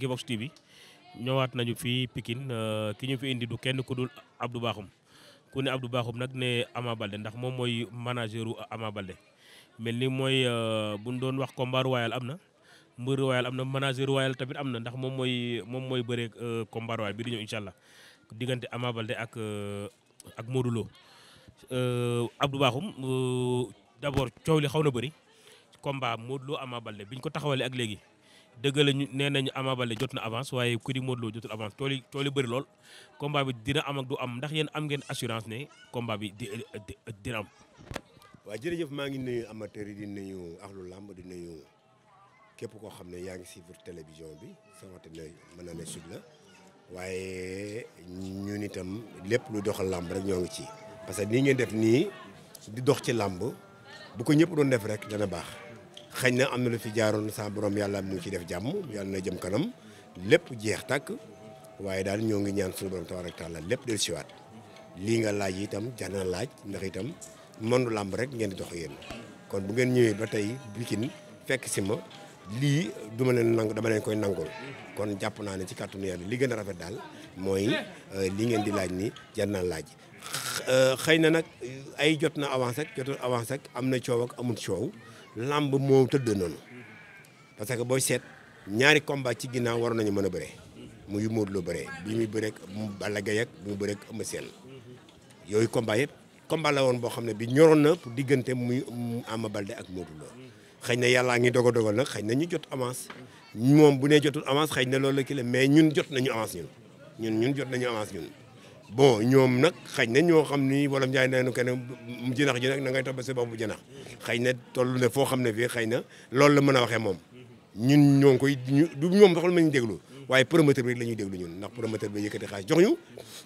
Equivox TV ñëwaat nañu fii Pikine euh, ki ñu fi indi du kenn ku dul Abdou Bakhoum ku ne Abdou baaxum nag ne Ama Baldé ndax moom mooy manageru Ama Baldé mel ni mooy euh, bu ñu doon wax combat royal am na mbër royal am na manager royal tamit am na ndax moom mooy moom mooy bëree euh, combat bi di ñëw incha allah diggante Ama Baldé ak ak Modou Lo Abdou Bakhoum d'abord coow li xaw na bari combat Modou Lo Ama biñ ko taxawale ak léegi. dëgg la ñu nee nañu Ama Baldé jot na avance waaye ku di Modou Lo jotul avance tool yi tool yi bëri lool combat bi dina am ak du am ndax yéen am ngeen assurance ne combat bi di dina am. waaw jërëjëf maa ngi nuyu amateurs yi di nuyu axlu làmb di nuyu képp koo xam ne yaa ngi suivre télévision bi sawate na mën na ne sud la waaye ñun itam lépp lu doxal làmb rek ñoo ngi ci parce que nii ngeen def nii di dox ci làmb bu ko ñëpp doon def rek dana baax. xëy na am na lu fi jaaroon sa borom yàlla mu ngi ciy def jàmm yàlla na jëm kanam lépp jeex tàkk waaye daal ñoo ngi ñaan suñu borom tabaaraka taala lépp del siwaat lii nga laaj itam jar laaj ndax itam mënu làmb rek ngeen di dox yéen kon bu ngeen ñëwee ba tey bikin fekk si ma lii duma leen nangu dama leen koy nangul kon jàpp naa ne ci kàttanu yàlla li gën a rafet daal mooy euh, li ngeen di laaj ni jar na laaj euh, xëy na nag ay jot na avance ak jotul avance am na coow ak amul coow lamb moo tëdd noonu parce que booy seet ñaari combat ci ginnaaw waroon nañu mën a bëre muy Modou Lo bëre bi muy bëreeg Balla Gaye ak mu muy bëreeg Eumeu Sène yooyu combat yëpp combat la woon boo xam ne bi ñoroon na pour diggante muy Ama Baldé ak Modou Lo xëy na yàllaa ngi dogo dogal nag xëy na ñu jot avance moom bu nee jotul avance xëy na loolu la kii la mais ñun jot nañu avance ñun ñun jot nañu ñun bon ñoom nag xëy na ñoo xam ni wala Ndiaye nee na kenn mu jënax ji nag na ngay topp sa bopp bu jënax xëy na toll na foo xam ne fii xëy na loolu la mën a waxee moom ñun ñoo koy du ñoom sax la ma ñu déglu waaye promoteur bi la ñuy déglu ñun ndax promoteur bi yëkkati xaalis jox ñu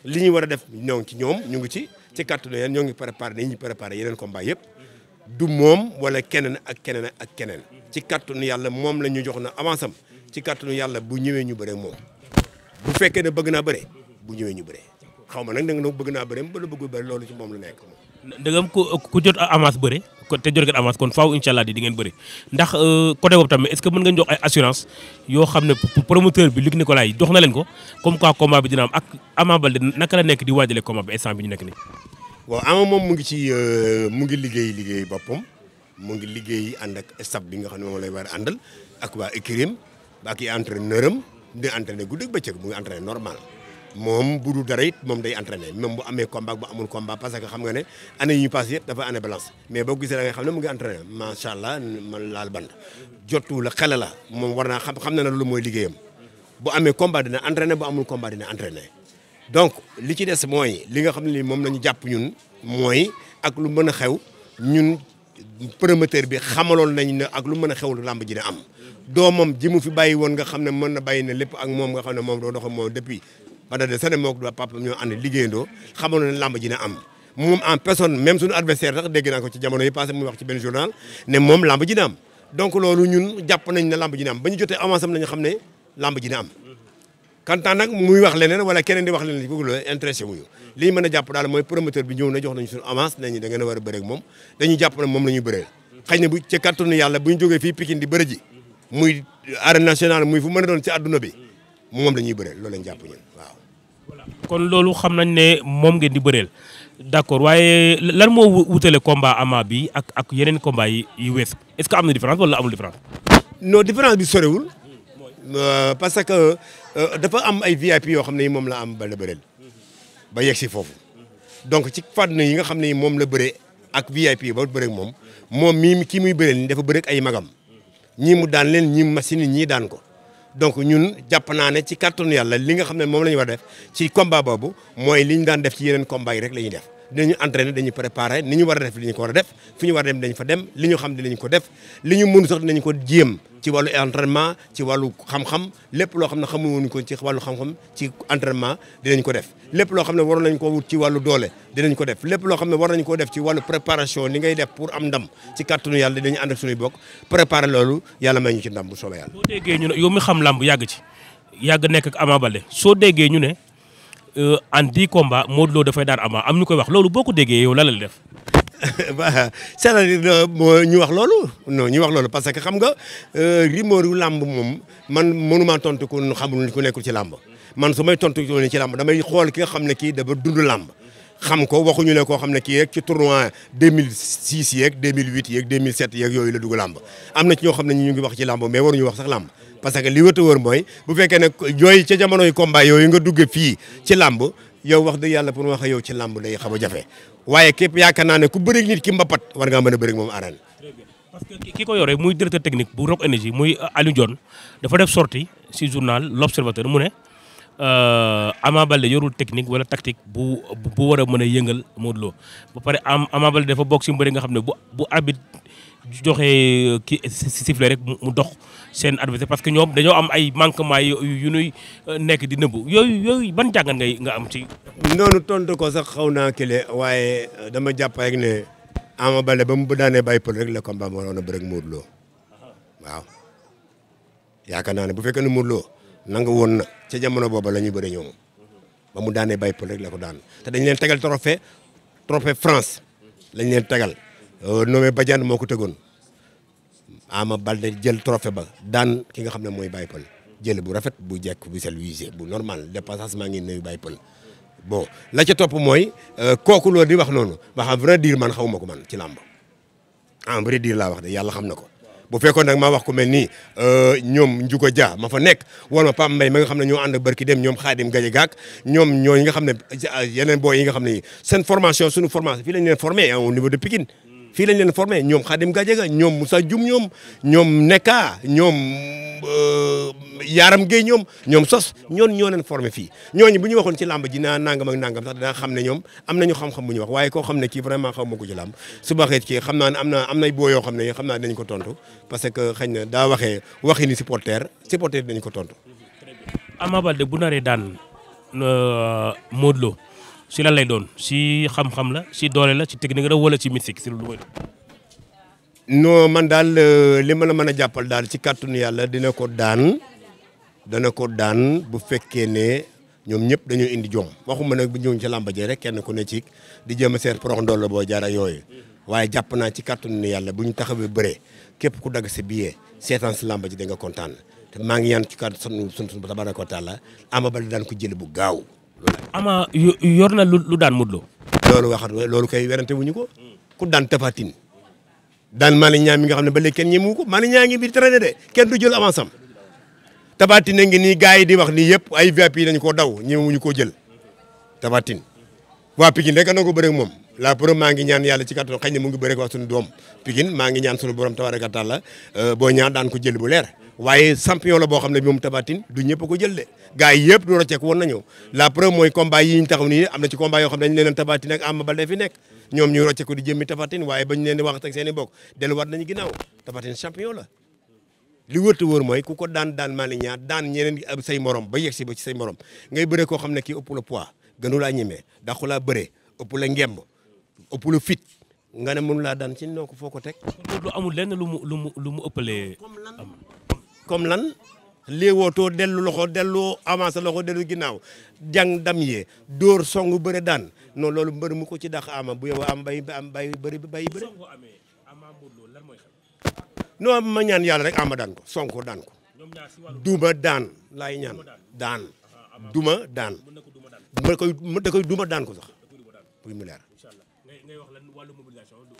li ñu war a def ci ñoom ñu ngi ci ci kàttanu yéen ñoo ngi préparé nañ ñu préparé yeneen combat yëpp du moom wala keneen ak keneen ak keneen ci kàttanu yàlla moom la ñu jox na avance am ci kàttanu yàlla bu ñëwee ñu bëre moom bu fekkee ne bëgg naa bëre bu ñëwee ñu bëre xaw ma nag na nga bëgg naa bëri ba la bëggul loolu ci moom la nekk. dëggam ku jot avance bëri te jot ngeen avance kon faaw incha allah di ngeen bëri ndax euh, côté boobu tamit est ce que mën yoo xam ne promoteur bi Luc Nicolaï nekk di waajalee combat bi instant bi ñu nekk nii. Ama moom mu ngi ci euh, mu ngi liggéey liggéey boppam mu ngi liggéey ànd ak staff bi nga xam ne moom lay war a àndal ak waa écurie am ak i entraîneur am di entraîné guddi ak bëccëg mu ngi entraîné normal. moom bu dul dara it moom day entraîné même bu amee combat bu amul combat parce que xam nga ne année yi ñu passé yëpp dafa année balance mais boo gisee da nga xam ne mu ngi entraîné la moom war naa xam xam na ne loolu mooy liggéeyam bu amee combat dina entraîné bu amul combat dina entraîné donc li ci des mooy li nga xam ne ni moom nañu jàpp ñun mooy ak lu mën a xew ñun promoteur bi xamaloon nañ ne ak lu mën a xewlu làmb ji ne am doomam ji mu fi bàyyi woon nga xam ne mën na bàyyi na lépp ak moom nga xam ne moom doo doxal moom depuis wala de sene mook papa ñoo ànd liggéeyandoo xamoon ne làmb ji na am moom en personne même suñu adversaire sax dégg naa ci jamono yi passé muy wax ci benn journal ne moom làmb am donc loolu ñun jàpp na am ba am nañu xam ne leneen wala keneen di wax leneen bëgg loolu intéressé wuñu li ñu daal moom dañu jàpp na moom na bu ci kàttanu yàlla bu ñu jógee fii Pikine di bëre ji muy arène nationale muy fu mën doon ci adduna bi moom la ñuy bëreel loolu lañ jàpp ñun waaw. voilà kon loolu xam nañ ne moom ngeen di bëreel d'accord waaye lan moo wutale combat ama bi ak ak yeneen combat yi yi weesu est-ce que am na différence wala amul différence. noo différence bi sorewul. Euh, parce que euh, dafa am ay VIP yoo xam ne moom la am ba la bëreel. ba yegg foofu. donc ci fànn yi nga xam ne moom la bëree ak VIP ba bëreeg moom moom mii kii muy bëreel nii dafa bëreeg ay magam ñii mu daan leen ñii machine yi ñii daan ko. donc ñun jàpp naa ne ci kàttanu yàlla li nga xam ne moom la ñu war def ci combat boobu mooy li ñu daan def ci yeneen combat yi rek la ñuy def dinañu entraîner dañuy préparer ni ñu war a def li ñu ko war a def fu ñu war a dem dañ fa dem li ñu xam dinañ ko def li ñu mënu sax dinañ ko jéem ci wàllu entraînement ci wàllu xam-xam lépp loo xam ne xamu woon ko ci wàllu xam-xam ci entraînement dinañ ko def lépp loo xam ne waroon nañ ko wut ci wàllu doole dinañ ko def lépp loo xam ne war nañ koo def ci wàllu préparation li ngay def pour am ndam ci kàttanu yàlla dinañ ànd ak suñuy bokk préparer loolu yàlla may ñu ci ndam bu soobee yàlla. boo déggee ñu ne yow mi xam làmb yàgg ci yàgg nekk ak Ama Baldé soo déggee ñu ne Euh, en dix combats Modou Lo dafay daan Ama am ñu koy wax loolu boo ko déggee yow lan la def. waaw c'est-à-dire euh, ñu wax loolu non ñu wax loolu parce que xam nga euh, rumeur lamb moom man mënumaa tontu ko xamul ku nekkul ci làmb. man su may tontu ko ci làmb damay xool ki nga xam ne kii dafa dund làmb. xam ko waxuñu ne koo xam ne kii rek ci tournoi 2006 yeeg 2008 yeeg 2007 yeeg yooyu la dugg làmb am na ci ñoo xam ne ñu ngi wax ci làmb mais waruñu wax sax làmb. parce que li wëta wër mooy bu fekkee ne yooyu ca jamonoy combat yooyu nga dugge fii ci làmb yow wax dëgg yàlla pour wax yow ci làmb day xaw a jafe waaye képp yaakaar naa ne ku bëri nit ki mbapat war ngaa mën a bëri moom arène parce que ki ko yore muy directeur technique bu Rock Énergie muy euh, Aliou Dione dafa def sortie ci journal L'Observateur mu ne euh, Ama yorul technique wala tactique bu bu war a mën a yëngal Modou Lo dafa bokk ci nga xam ne bu bu joxe euh, ki sifflet rek mu dox seen adversaire parce que ñoom dañoo am ay manquement yu nuy euh, nekk di nëbbu yooyu yooyu ban jàngat ngay nga am ci. noonu tontu ko sax xaw naa kile waaye euh, dama jàpp rek ne Ama Baldé ba mu daanee bàyyi pël rek la combat ma a bëri ak Modou Lo yaakaar naa ne bu fekkee ne Modou Lo woon na ca jamono booba la ñuy bëri ñoom ba mu daanee bàyyi pël rek la ko daan te dañ leen tegal trophée trophée France lañ leen tegal. Euh, nommé Badiane moo ko tëggoon Ama Baldé jël trophée ba daan ki nga xam ne mooy Baye Pël jël bu rafet bu jekk bu sel wisé bu normal dépassage maa ngi nuyu Baye Pël la ca topp mooy euh, kooku loolu di wax noonu wax en vrai dire man xaw ma ko man ci làmb en vrai dire wax de yàlla xam na ko bu fekkoon nag maa wax ku mel nii euh, ñoom Ndiouga Dia ma fa nekk wala Pape Mbaye ma nga xam ne ñoo ànd barki dem ñoom Khadim Gaye gaak ñoom ñoo yi nga xam ne yeneen booy yi nga xam ne seen formation sunu formation fii lañ formé au niveau fii lañ leen formé ñoom Khadim Gadiaga ñoom Moussa Dioum ñoom ñoom nekka ñoom euh, Yaram Gueye ñoom ñoom sos ñoon ñoo leen formé fii ñooñu bu ñu waxoon ci làmb jinaa naa nangam ak nangam sax dinaa xam ne ñoom am nañu xam-xam bu ñu wax waaye koo xam ne kii vraiment xaw ma ko ci làmb su baxee kii xam naa ne am na am nay boo yoo xam ne xam naa dinañ ko tontu parce que xëy na daa waxee waxi ni supporter supporter dinañ ko tontu Ama Baldé bu naree daan euh, Modou si lan lay doon si xam-xam la si doole la si technique la wala si mystique si lu may doon. non man daal euh, li ma la mën a jàppal daal ci kàttanu yàlla dina ko daan dana ko daan bu fekkee ne ñoom ñëpp dañoo indi jom waxuma nag bu ñëw ci làmba rek kenn ku ne ci di jéem a seet porox la boo jara yooyu waaye jàpp naa ci kàttanu yàlla bu ñu taxawee bëree képp ku dagg si billet seetaan si làmba ji da nga kontaan te maa ngi yaan ci kàttanu sunu sunu tabaaraka wa taala Ama Baldé daan ko jël bu gaaw. ama yor na lu daan Modou Lo loolu waxat loolu kay werante wuñu ko ku daan tafatin daan Malick Niang mi nga xam ne ba léegi kenn ñemewu ko Malick Niang ngi biir traité de kenn du jël avance am tafatin a ngi nii gars yi di wax nii yëpp ay VIP dañu koo daw ñemewuñu koo jël tafatin waa ko bëre ak la preuve maa ngi ñaan yàlla ci kattan xëy na mu ngi bëre ak waa doom maa ngi ñaan suñu borom tabaaraka taala euh, boo ñaan daan ko jël bu leer waaye champion la boo xam ne moom Tapha Tine du ñëpp a ko jël de ga yi yëpp du rocceek woon nañu la preuve am na ci combat yoo xam ne dañ leen Tapha Tine ak Ama Baldé fi nekk ñoom ñuy rocceeku di jëmmi Tapha Tine waaye mooy ku ko daan daan maa ñaar daan ñeneen say morom ba yegg si ba ci say morom ngay koo xam ne kii ëpp la poids gënu laa laa bëre ëpp la ngemb ëpp fit nga ne mënu laa daan ci noo ko foo ko teg. lu lenn lu mu lu mu lu mu ëppalee am comme lan léewootoo dellu loxo dellu avancé loxo dellu ginnaaw jang dam yee dóor song bëre daan non loolu mbër mu ko ci dax ama bu yow am bay am bay bëri bay bëri non ma ñaan yàlla rek ama daan ko sonko daan ko duma daan laay ñaan daan duma daan ah, ma ko da koy duma daan ko sax pour mu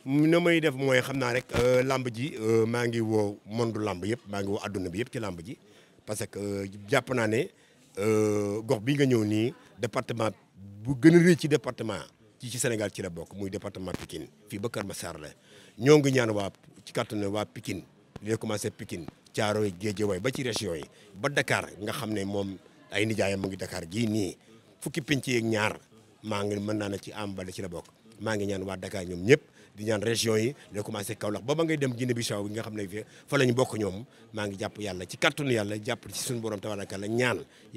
na may def mooy xam naa rek euh, làmb ji euh, maa ngi woo monde làmb yëpp maa ngi woo adduna bi yëpp ci làmb ji parce que euh, jàpp naa ne gox bi nga ñëw nii département bu gën a ci département ci ci Sénégal ci la bokk muy département Pikine fii ba Kër Massar la ñoo ngi ñaan waa ci kàttanu waa Pikine li commencé Pikine Thiaroye Guédiawaye ba ci région yi ba dakaar nga xam ne moom ay nijaayam mu ngi dakaar gii nii fukki pinc ci ñaar maa ngi mën naa ne ci am bale ci la bokk maa ngi ñaan waa Dakar ñoom ñëpp di ñaan région yi le commencé Kaolack ba ba ngay dem Guinée Bissau bi nga xam ne fi fa la ñu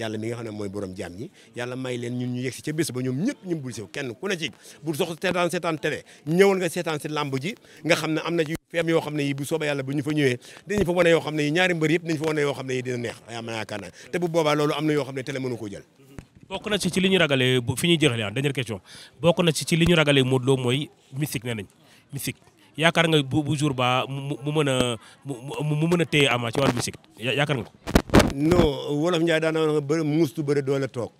ne mooy borom jaam ñi yàlla may leen ñun ñu yegg ba ñoom ñëpp ñu bul siw kenn ku ne ci bu sox seetaan seetaan si làmb ji nga na ci feem yoo xam ne yi bu soobee yàlla bu ñu fa ñëwee dañu fa wane yoo xam fa wane yoo xam ne yi dina neex ay am te bu boobaa loolu am yoo xam ne télé mënu bokk na ci ci li ñu ragalee fi ñuy jeexalee ah dernière question bokk na ci ci li ñu ragalee Modou Lo mooy mystique nee nañ mystique yaakaar nga bu bu jour ba mu mu mën a mu mën a téye Ama ci wàllu mystique yaakaar nga. non wolof Ndiaye daan na wax bëri muustu bëri doole toog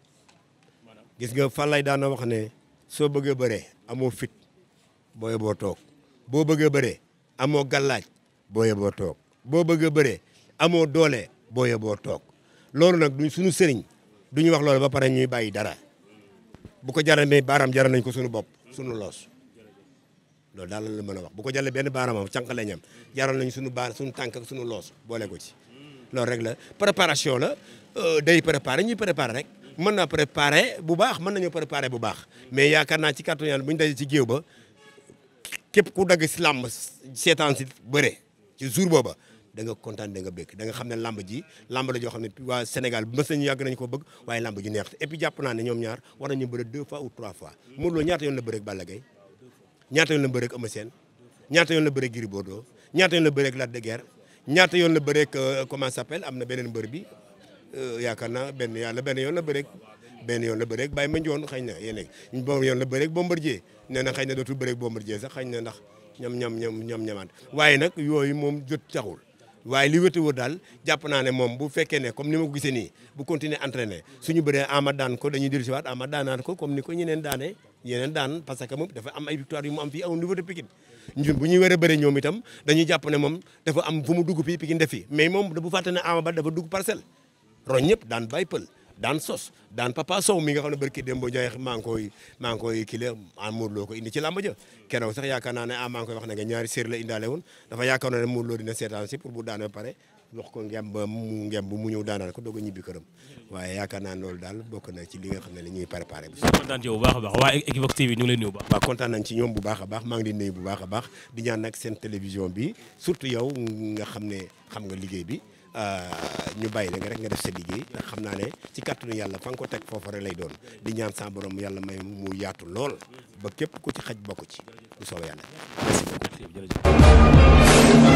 gis nga Fallay daan na wax ne soo bëggee bëree amoo fit boo yeboo toog boo bëggee bëree amoo gàllaaj boo toog boo bëggee bëree amoo doole boo yeboo toog loolu nag duñ suñu seriñ du ñu wax loolu ba pare ñuy bàyyi dara bu ko jaralee baaraam jaral nañ ko suñu bopp suñu loos loolu daal la mën a wax bu ko jaralee benn baaraamam cànq la ñam jaral nañ suñu baar suñu tànk ak suñu loos boole ko ci. loolu rek la préparation la euh, day préparer ñu préparer rek mën naa préparer bu baax mën nañoo préparer bu baax mais yaakaar naa ci kàttu yàlla bu ñu daje ci géew ba képp ku dagg si làmb seetaan si bëre ci jour booba. danga kontaan da nga bëgg da nga xam ne lamb ji lamb la xam ne waa Sénégal mës nañu yàgg nañu ko bëgg waaye lamb ji neex et puis jàpp naa ne ñoom ñaar war nañu bëre deux fois ou trois fois yoon la bëre ak Balla ñaata la bëre ak Eumeu Sène ñaata yoon la bëre ak Gris ñaata yoon la bëre ak Lac de yoon la bëre ak euh, comment am na beneen mbër bi euh, yaakaar naa benn yàlla benn yoon la bëre benn yoon la bëreeg bàyyi ma njoon xëy na yéen a boobu yoon la bëreeg Bombardier nee na xëy na dootul bëreeg Bombardier sax xëy na ndax ñam ñam ñam ñam ñamaat waaye nag yooyu moom jot taxul waaye li wétu wër daal jàpp naa ne moom bu fekkee ne comme ni ma ko gisee nii bu continuer entraîner suñu bëree ama daan ko dañuy dellusiwaat ama daanaat ko comme ni ko ñeneen daanee yeneen daan parce que moom dafa am ay victoire yu mu am fii au niveau de Pikine bu ñuy war a bëri ñoom itam dañuy jàpp ne moom dafa am fu mu dugg fii Pikine def fi mais moom bu fàtte ne ama ba dafa dugg parcelle roñ ñëpp daan bàyyi pël daan sos daan papa sow mi nga xam ne barki Demba Ndiaye maa ngi koy maa ngi koy kile ah Modou Lo ko indi ci làmb ja keroog sax yaakaar naa ne ah maa ngi koy wax ne nga ñaari séer la indaale woon dafa yaakaar naa ne Modou Lo dina seetaan si pour bu daane ba pare wax ko ngem ba mu ngem bu mu ñëw daanal ko doog a ñibbi këram waaye yaakaar naa ne loolu daal bokk na ci li nga xam ne li ñuy préparé bu kontaan ci yow bu baax a baax waa Equivox TV ñu ngi lay nuyu bu baax waaw kontaan nañ ci ñoom bu baax a baax maa ngi leen nuyu bu baax a baax di ñaan nag seen télévision bi surtout yow nga xam ne xam nga liggéey bi Euh, ñu bàyyi la nga rek nga def sa liggéey ndax xam naa ne ci kàttanu yàlla fa ko teg foofu rek lay doon di ñaan sa borom yàlla may mu yaatu lool ba képp ku ci xaj bokk ci bu soobee yàlla merci beaucoup